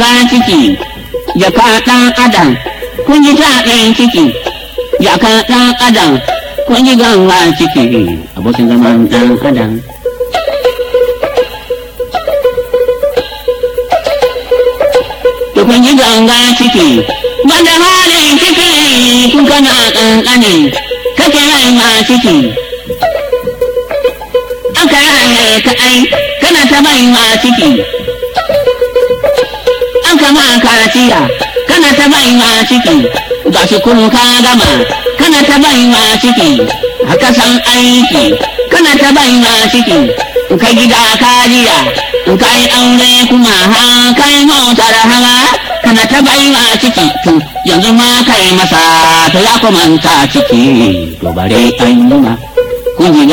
ganga ciki jaka ɗan adam kun ji ciki jaka ɗan adam kun ji ganga ciki abokin zaman ɗan adam kun ji ganga ciki banda halin ciki kun kana kake ciki aka rai ka ai kana ta bai ciki an kama karatiya kana ta bai ma ciki ga shi kun ka gama kana ta bai ma ciki haka san aiki kana ta bai ma ciki ka gida kariya ka yi aure kuma ha kai motar hawa kana ta bai ma ciki to yanzu ma kai masa to ya ciki to bare an yi ma kun ji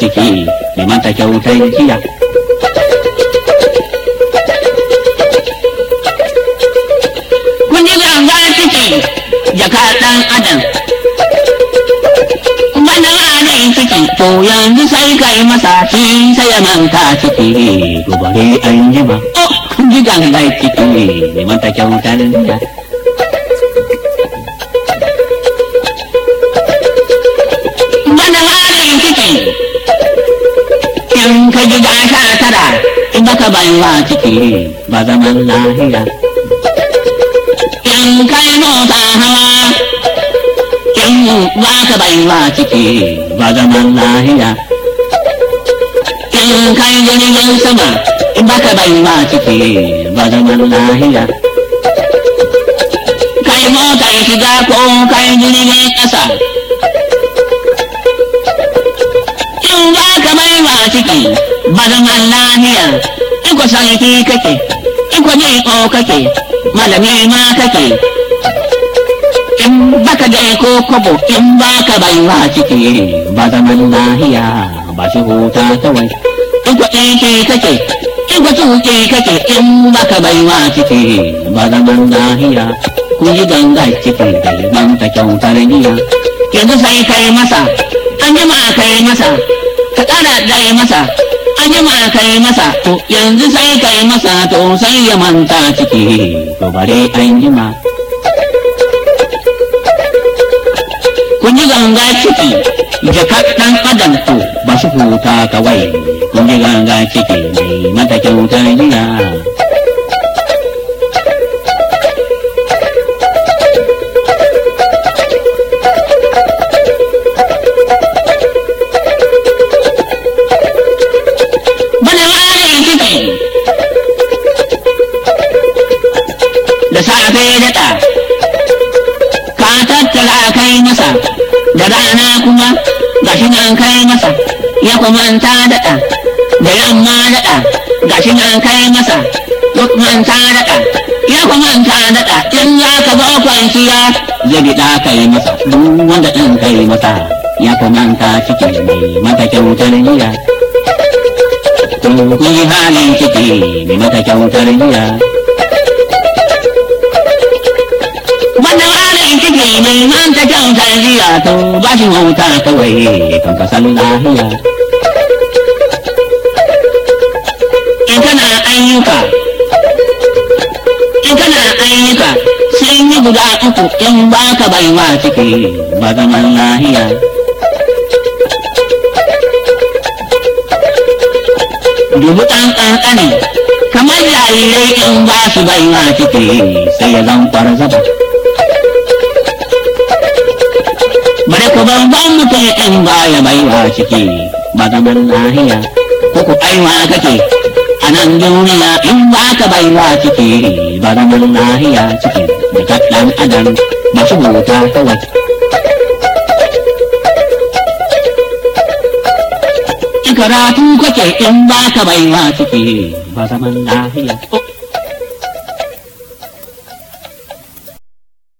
ciki neman ta kyautar jiya ganga take jaka ɗan adam bana rai ciki to yanzu sai kai masa ci sai ya manta ciki gobare an yi ba oh, ji ganga ciki ne manta kyautar da bana rai ciki in ka ji gata tara in baka bayuwa ciki ba zaman lahiya cái nó ta hoa chẳng và cái bệnh và chỉ chỉ và cái mình là hi ya chẳng cái dân dân sao mà và cái bệnh và chỉ chỉ và cái mình là hi ya cái mò cái chỉ ra cô cái dân dân ta sa chẳng và cái bệnh và chỉ chỉ và cái mình là hi ya in ko cái yake kake in gì ne cái kake malami ma kake in baka da ko kobo in baka baiwa ciki ba zaman nahiya. ba shi huta kawai in ku ɗinki kake in ku tuƙi kake in baka baiwa ciki ba zaman nahiya. ku yi gangar ciki da ban ta kyautar giya yanzu sai kai masa an jima kai masa ka ƙara dai masa an jima ka masa to yanzu sai kayi masa to sai ya manta ciki to bare an jima kun ganga ciki jaka ɗan adam to ba huta kawai kun ji ganga ciki mai mata kyautar jiya da safe ya daɗa ka tattara a kai masa da rana kuma gashi nan kai masa ya kumanta daɗa da yamma daɗa gashi nan kai masa duk manta daɗa ya kumanta daɗa in za ka zo kwanciya ya biɗa kai masa duk wanda ɗin kai masa ya kumanta cikin mai mata kyautar niyya to hali ciki ne maka kyautar giya wannan ciki ne manta kyautar giya to ba shi wauta kawai kan ka san lahiya in kana ayyuka in kana ayyuka yi guda uku in baka baiwa ciki ba zaman lahiya dubu ɗan ƙanƙani kamar jarirai in ba su baiwa suke sai ya zan zaba. Bari ku ban mutum in ba ya baiwa ciki, ba zaman lahiya ko ku aiwa kake a nan duniya in ba ka baiwa ciki, ba zaman lahiya ciki da ɗan adam su bauta wata. karatu kake in ba ka baiwa ciki ba zaman lafiya.